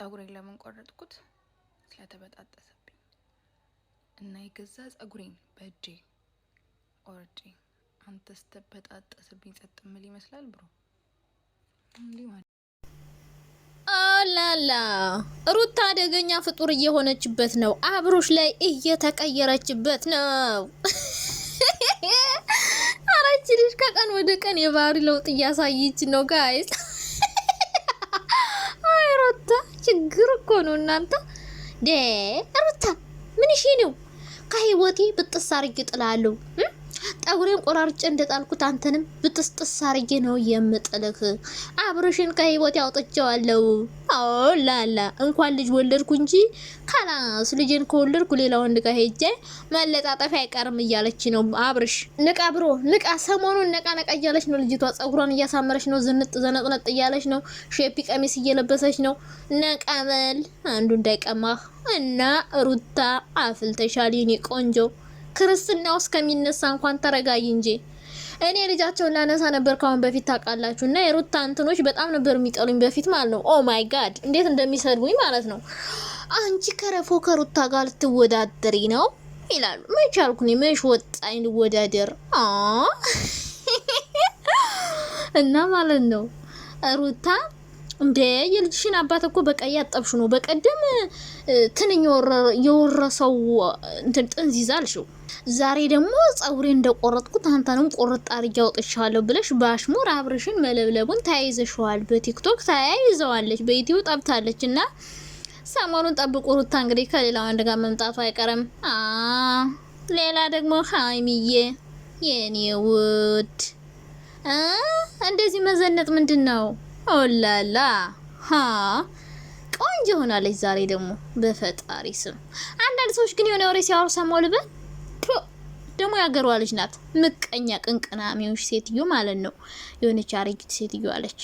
ፀጉሬን ለምን ቆረጥኩት? ስለተበጣጠሰብኝ እና የገዛ ፀጉሬን በእጄ ቆርጬ አንተ ስተበጣጠስብኝ ጸጥ ምል ይመስላል ብሮ ላላ ሩታ አደገኛ ፍጡር እየሆነችበት ነው። አብሮሽ ላይ እየተቀየረችበት ነው። አራች ልጅ ከቀን ወደ ቀን የባህሪ ለውጥ እያሳየች ነው ጋይስ። አይ ሩታ ችግር እኮ ነው እናንተ ደ ሩታ ምንሽ ነው? ከህይወቴ ብጥስ አርጊ ጥላለሁ። ጸጉሬን ቆራርጬ እንደጣልኩት አንተንም ብጥስጥስ አርጌ ነው የምጥልህ። አብርሽን ከህይወት ያውጥቼዋለሁ። አዎ ላላ እንኳን ልጅ ወለድኩ እንጂ ካላስ ልጅን ከወለድኩ ሌላ ወንድ ጋር ሄጄ መለጣጠፊ አይቀርም እያለች ነው አብርሽ። ንቃ ብሮ ንቃ። ሰሞኑን ነቃ ነቃ እያለች ነው ልጅቷ። ጸጉሯን እያሳመረች ነው። ዝንጥ ዘነጥነጥ እያለች ነው። ሼፒ ቀሚስ እየለበሰች ነው። ነቃበል አንዱ እንዳይቀማህ እና ሩታ አፍልተሻል የኔ ቆንጆ ክርስትናው እስከሚነሳ እንኳን ተረጋይ እንጂ እኔ ልጃቸውን ላነሳ ነበር ካሁን በፊት ታውቃላችሁ። እና የሩታ እንትኖች በጣም ነበር የሚጠሉኝ በፊት ማለት ነው። ኦ ማይ ጋድ እንዴት እንደሚሰድቡኝ ማለት ነው። አንቺ ከረፎ ከሩታ ጋር ልትወዳደሪ ነው ይላሉ። መች አልኩኝ፣ መች ወጣኝ ልወዳደር እና ማለት ነው ሩታ እንዴ የልጅሽን አባት እኮ በቀይ እያጠብሹ ነው። በቀደም ትንኝ የወረሰው እንትን ጥንዚዛ አልሽው። ዛሬ ደግሞ ጸጉሬ እንደቆረጥኩ ታንታንም ቆርጥ አድርጌ አውጥቻለሁ ብለሽ በአሽሙር አብርሽን መለብለቡን ተያይዘሽዋል። በቲክቶክ ተያይዘዋለች፣ በኢትዮ ጠብታለች። እና ሰሞኑን ጠብቁ ሩታ እንግዲህ ከሌላ ወንድ ጋር መምጣቱ አይቀርም። ሌላ ደግሞ ሀይሚዬ የኔ ውድ እንደዚህ መዘነጥ ምንድን ነው? ኦላላ ሀ ቆንጆ ሆናለች ዛሬ ደግሞ በፈጣሪ ስም። አንዳንድ ሰዎች ግን የሆነ ወሬ ሲያወሩ ሰማሁ ልበል። ደግሞ ያገሯ ልጅ ናት ምቀኛ ቅንቅና ሚዎች ሴትዮ ማለት ነው። የሆነች አሮጊት ሴትዮ አለች።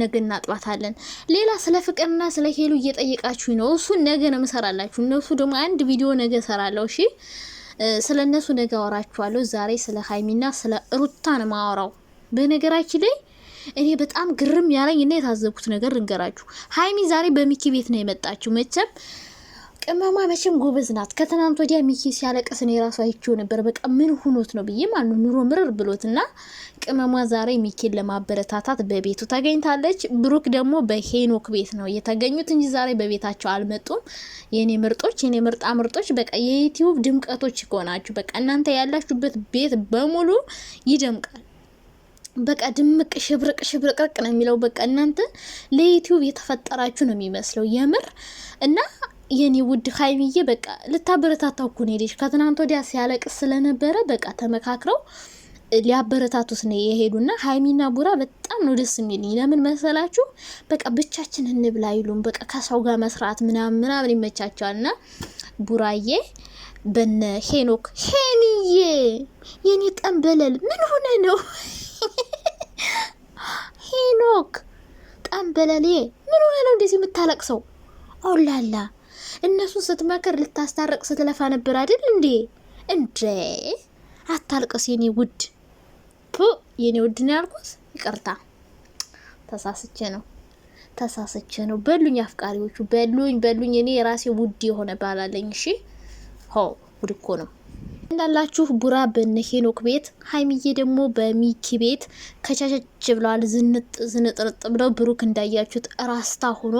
ነገ እናጥባታለን። ሌላ ስለ ፍቅርና ስለ ሄሉ እየጠየቃችሁ ነው። እሱን ነገ ነው የምሰራላችሁ። እነሱ ደግሞ አንድ ቪዲዮ ነገ እሰራለሁ። እሺ ስለ እነሱ ነገ አወራችኋለሁ። ዛሬ ስለ ሀይሚና ስለ ሩታን ማወራው በነገራችን ላይ እኔ በጣም ግርም ያለኝ እና የታዘብኩት ነገር ልንገራችሁ። ሀይሚ ዛሬ በሚኪ ቤት ነው የመጣችሁ። መቼም ቅመማ መቼም ጎበዝ ናት። ከትናንት ወዲያ ሚኪ ሲያለቀስ እኔ ራሱ አይቼው ነበር። በቃ ምን ሁኖት ነው ብዬ ማኑ ኑሮ ምርር ብሎት ብሎትና ቅመማ ዛሬ ሚኪን ለማበረታታት በቤቱ ተገኝታለች። ብሩክ ደግሞ በሄኖክ ቤት ነው የተገኙት እንጂ ዛሬ በቤታቸው አልመጡም። የኔ ምርጦች፣ የኔ ምርጣ ምርጦች፣ በቃ የዩቲዩብ ድምቀቶች ይሆናችሁ። በቃ እናንተ ያላችሁበት ቤት በሙሉ ይደምቃል። በቃ ድምቅ ሽብርቅ ሽብርቅርቅ ነው የሚለው። በቃ እናንተ ለዩቲዩብ የተፈጠራችሁ ነው የሚመስለው የምር እና የኔ ውድ ሀይሚዬ በቃ ልታበረታታው እኮ ነው ሄደች። ከትናንት ወዲያ ሲያለቅስ ስለነበረ በቃ ተመካክረው ሊያበረታቱት ነው የሄዱና ሀይሚና ቡራ በጣም ነው ደስ የሚልኝ። ለምን መሰላችሁ? በቃ ብቻችን እንብላ አይሉም። በቃ ከሰው ጋር መስራት ምናምን ምናምን ና ቡራዬ በነ ሄኖክ ሄንዬ የኔ ጠንበለል ምን ሆነ ነው ሄኖክ ጠንበለሌ ምን ሆነ ነው እንደዚህ የምታለቅሰው? ኦላላ እነሱን ስትመክር ልታስታረቅ ስትለፋ ነበር አይደል እንዴ? እንዴ አታልቅስ የኔ ውድ ፑ የኔ ውድ ነው ያልኩት። ይቅርታ ተሳስቼ ነው ተሳስቼ ነው። በሉኝ አፍቃሪዎቹ፣ በሉኝ በሉኝ። እኔ የራሴ ውድ የሆነ ባላለኝ። እሺ ሆ ውድ እኮ ነው። እንዳላችሁ ቡራ በነ ሄኖክ ቤት፣ ሀይሚዬ ደግሞ በሚኪ ቤት ከቻቸች ብለዋል። ዝንጥ ዝንጥርጥ ብለው ብሩክ እንዳያችሁት ራስታ ሆኖ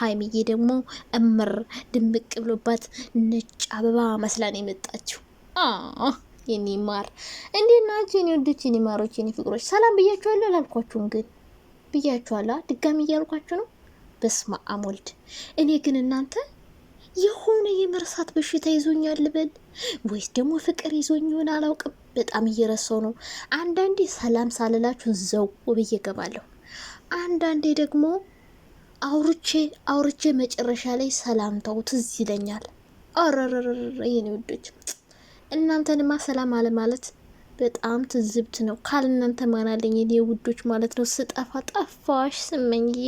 ሀይሚዬ ደግሞ እምር ድምቅ ብሎባት ነጭ አበባ መስላን የመጣችው። የኔ ማር እንዴት ናችሁ? የኔ ወዶች፣ የኔ ማሮች፣ የኔ ፍቅሮች ሰላም ብያችኋለሁ። አላልኳችሁም ግን ብያችኋላ። ድጋሚ እያልኳችሁ ነው። በስመ አብ ወልድ። እኔ ግን እናንተ የሆነ የመርሳት በሽታ ይዞኛል ልበል ወይስ ደግሞ ፍቅር ይዞኝ ይሆን አላውቅም። በጣም እየረሳው ነው። አንዳንዴ ሰላም ሳልላችሁ ዘው ብዬ እገባለሁ። አንዳንዴ ደግሞ አውርቼ አውርቼ መጨረሻ ላይ ሰላምታው ትዝ ይለኛል። አረረረረ የኔ ውዶች እናንተንማ ሰላም አለማለት በጣም ትዝብት ነው። ካልእናንተ ማን እኔ የኔ ውዶች ማለት ነው። ስጠፋ ጠፋሽ ስመኝዬ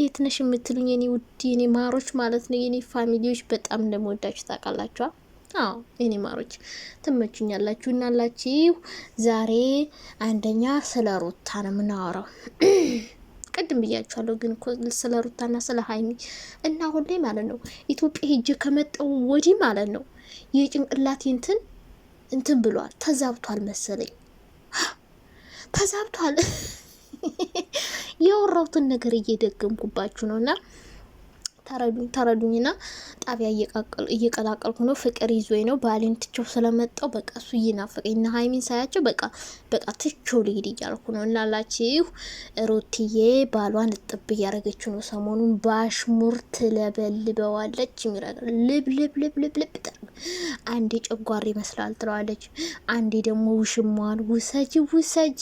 የት ነሽ የምትሉኝ የኔ ውድ የኔ ማሮች ማለት ነው። የኔ ፋሚሊዎች በጣም እንደምወዳችሁ ታውቃላችኋ። አዎ የኔ ማሮች ትመችኛላችሁ። እናላችሁ ዛሬ አንደኛ ስለ ሩታ ነው የምናወራው። ቅድም ብያችኋለሁ ግን እኮ ስለ ሩታና ስለ ሀይሚ እና ሁሌ ማለት ነው ኢትዮጵያ ሄጄ ከመጣሁ ወዲህ ማለት ነው የጭንቅላቴ እንትን እንትን ብሏል፣ ተዛብቷል መሰለኝ ተዛብቷል። ያወራሁትን ነገር እየደገምኩባችሁ ነው እና ተረዱኝ ተረዱኝና ጣቢያ እየቀላቀልኩ ነው። ፍቅር ይዞኝ ነው። ባሌን ትቼው ስለመጣው በቃ እሱ እየናፈቀኝ እና ሀይሚን ሳያቸው በቃ በቃ ትቼው ልሄድ እያልኩ ነው። እናላችሁ ሩትዬ ባሏን እጥብ እያደረገችው ነው። ሰሞኑን ባሽሙር ትለበልበዋለች። የሚረዳው ልብ ልብ ልብ ልብ ልብ አንዴ ጨጓር ይመስላል ትለዋለች። አንዴ ደግሞ ውሽሟን ውሰጅ ውሰጅ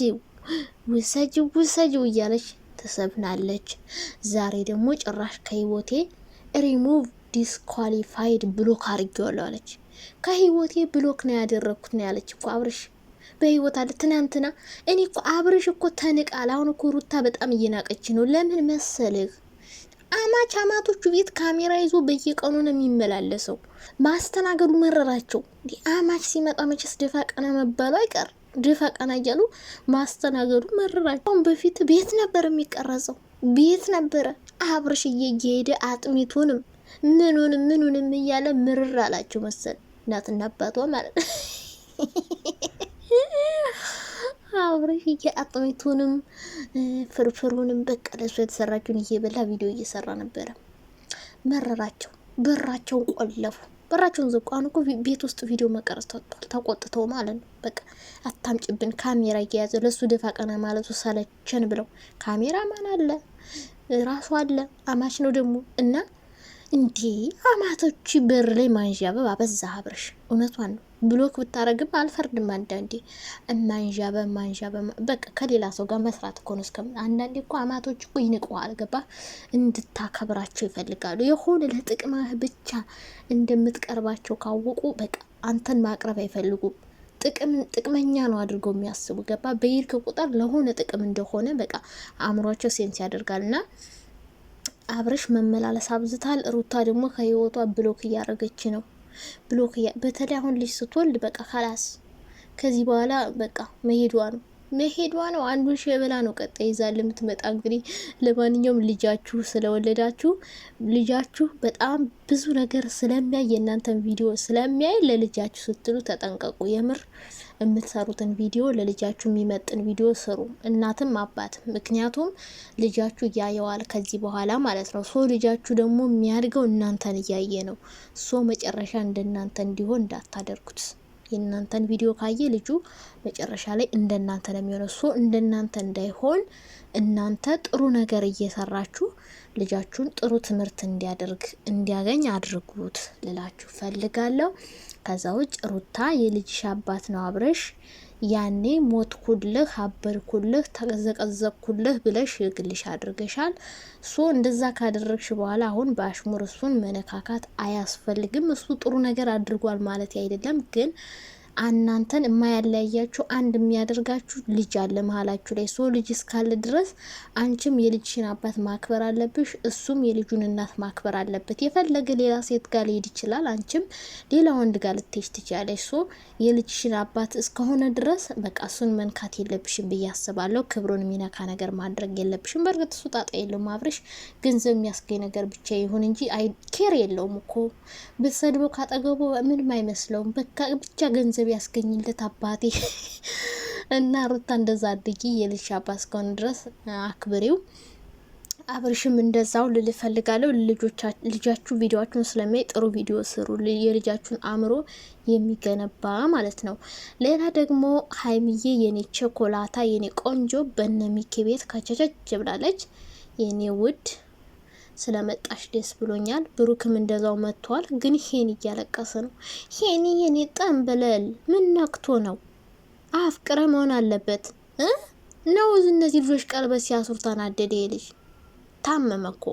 ውሰጅ ውሰጅ እያለች ተሰብናለች ዛሬ ደግሞ ጭራሽ ከህይወቴ ሪሙቭ ዲስኳሊፋይድ ብሎክ አድርጌዋለሁ አለች። ከህይወቴ ብሎክ ነው ያደረግኩት ነው ያለች እኮ አብርሽ በህይወት አለ። ትናንትና እኔ እኮ አብርሽ እኮ ተንቃል። አሁን እኮ ሩታ በጣም እየናቀች ነው። ለምን መሰልህ? አማች አማቶቹ ቤት ካሜራ ይዞ በየቀኑ ነው የሚመላለሰው። ማስተናገዱ መረራቸው። እንዲህ አማች ሲመጣ መቼስ ደፋ ቀና መባሉ አይቀር ድፋ ቀና እያሉ ማስተናገዱ መረራቸው። አሁን በፊት ቤት ነበር የሚቀረጸው ቤት ነበረ። አብርሽ እየሄደ አጥሚቱንም ምኑንም ምኑንም እያለ ምርር አላቸው መሰል እናትና አባቷ ማለት ነው። አብርሽዬ አጥሚቱንም ፍርፍሩንም በቃ ለሱ የተሰራችውን እየበላ ቪዲዮ እየሰራ ነበረ። መረራቸው፣ በራቸውን ቆለፉ። በራቸውን ዘጉ። አሁን እኮ ቤት ውስጥ ቪዲዮ መቀረጽ ተጥቷል፣ ተቆጥተው ማለት ነው። በቃ አታምጭብን ካሜራ እየያዘ ለሱ ደፋ ቀና ማለቱ ሰለቸን ብለው ካሜራ ማን አለ ራሱ አለ አማች ነው ደግሞ እና እንዴ አማቶች በር ላይ አበባ በዛ አብርሽ፣ እውነቷን ነው። ብሎክ ብታረግም አልፈርድም። አንዳንዴ ማንዣ በማንዣ በቃ ከሌላ ሰው ጋር መስራት እኮ ነው። እስከ አንዳንዴ እኮ አማቶች እኮ ይንቀዋል። ገባ እንድታከብራቸው ይፈልጋሉ። የሆነ ለጥቅምህ ብቻ እንደምትቀርባቸው ካወቁ በቃ አንተን ማቅረብ አይፈልጉም። ጥቅም ጥቅመኛ ነው አድርገው የሚያስቡ ገባ በይርክ ቁጥር ለሆነ ጥቅም እንደሆነ በቃ አእምሯቸው ሴንስ ያደርጋል እና አብረሽ መመላለስ አብዝታል። ሩታ ደግሞ ከህይወቷ ብሎክ እያደረገች ነው። ብሎክ በተለይ አሁን ልጅ ስትወልድ በቃ ካላስ ከዚህ በኋላ በቃ መሄዷ ነው። መሄዷ ነው። አንዱን ብላ ነው ቀጣይ ይዛ ለምትመጣ። እንግዲህ ለማንኛውም ልጃችሁ ስለወለዳችሁ ልጃችሁ በጣም ብዙ ነገር ስለሚያይ የእናንተን ቪዲዮ ስለሚያይ ለልጃችሁ ስትሉ ተጠንቀቁ። የምር የምትሰሩትን ቪዲዮ ለልጃችሁ የሚመጥን ቪዲዮ ስሩ፣ እናትም አባት። ምክንያቱም ልጃችሁ እያየዋል ከዚህ በኋላ ማለት ነው። ሶ ልጃችሁ ደግሞ የሚያድገው እናንተን እያየ ነው። ሶ መጨረሻ እንደናንተ እንዲሆን እንዳታደርጉት። የእናንተን ቪዲዮ ካየ ልጁ መጨረሻ ላይ እንደናንተ ነው የሚሆነው። ሶ እንደናንተ እንዳይሆን እናንተ ጥሩ ነገር እየሰራችሁ ልጃችሁን ጥሩ ትምህርት እንዲያደርግ እንዲያገኝ አድርጉት ልላችሁ ፈልጋለሁ። ከዛ ውጭ ሩታ የልጅሽ አባት ነው አብረሽ ያኔ ሞትኩልህ፣ አበድኩልህ፣ ተዘቀዘቅኩልህ ብለሽ ግልሽ አድርገሻል። ሶ እንደዛ ካደረግሽ በኋላ አሁን በአሽሙር እሱን መነካካት አያስፈልግም። እሱ ጥሩ ነገር አድርጓል ማለት አይደለም ግን እናንተን የማያለያያችሁ አንድ የሚያደርጋችሁ ልጅ አለ መሀላችሁ ላይ ሰው ልጅ እስካለ ድረስ አንቺም የልጅሽን አባት ማክበር አለብሽ፣ እሱም የልጁን እናት ማክበር አለበት። የፈለገ ሌላ ሴት ጋር ሊሄድ ይችላል፣ አንቺም ሌላ ወንድ ጋር ልትሄጅ ትችላለች። ሶ የልጅሽን አባት እስከሆነ ድረስ በቃ እሱን መንካት የለብሽም ብዬ አስባለሁ። ክብሩን የሚነካ ነገር ማድረግ የለብሽም። በእርግጥ እሱ ጣጣ የለውም አብርሽ ገንዘብ የሚያስገኝ ነገር ብቻ ይሁን እንጂ ኬር የለውም እኮ ብትሰድበው ካጠገቡ ምንም አይመስለውም። በቃ ብቻ ገንዘብ ያስገኝለት አባቴ እና ሩታ እንደዛ አድጊ የልሽ አባት እስከሆነ ድረስ አክብሬው አብርሽም እንደዛው ልል ፈልጋለሁ። ልጃችሁ ቪዲዮችሁን ስለሚያይ ጥሩ ቪዲዮ ስሩ፣ የልጃችሁን አእምሮ የሚገነባ ማለት ነው። ሌላ ደግሞ ሀይሚዬ የኔ ቸኮላታ የኔ ቆንጆ በነሚኬ ቤት ካቸቸች ብላለች የኔ ውድ ስለመጣሽ ደስ ብሎኛል። ብሩክም እንደዛው መጥቷል፣ ግን ሄን እያለቀሰ ነው። ሄን የኔ ጠንበለል ምን ነክቶ ነው? አፍቅረ መሆን አለበት ነው። እነዚህ ልጆች ቀለበት ሲያስሩታን አደደ ልጅ ታመመኮ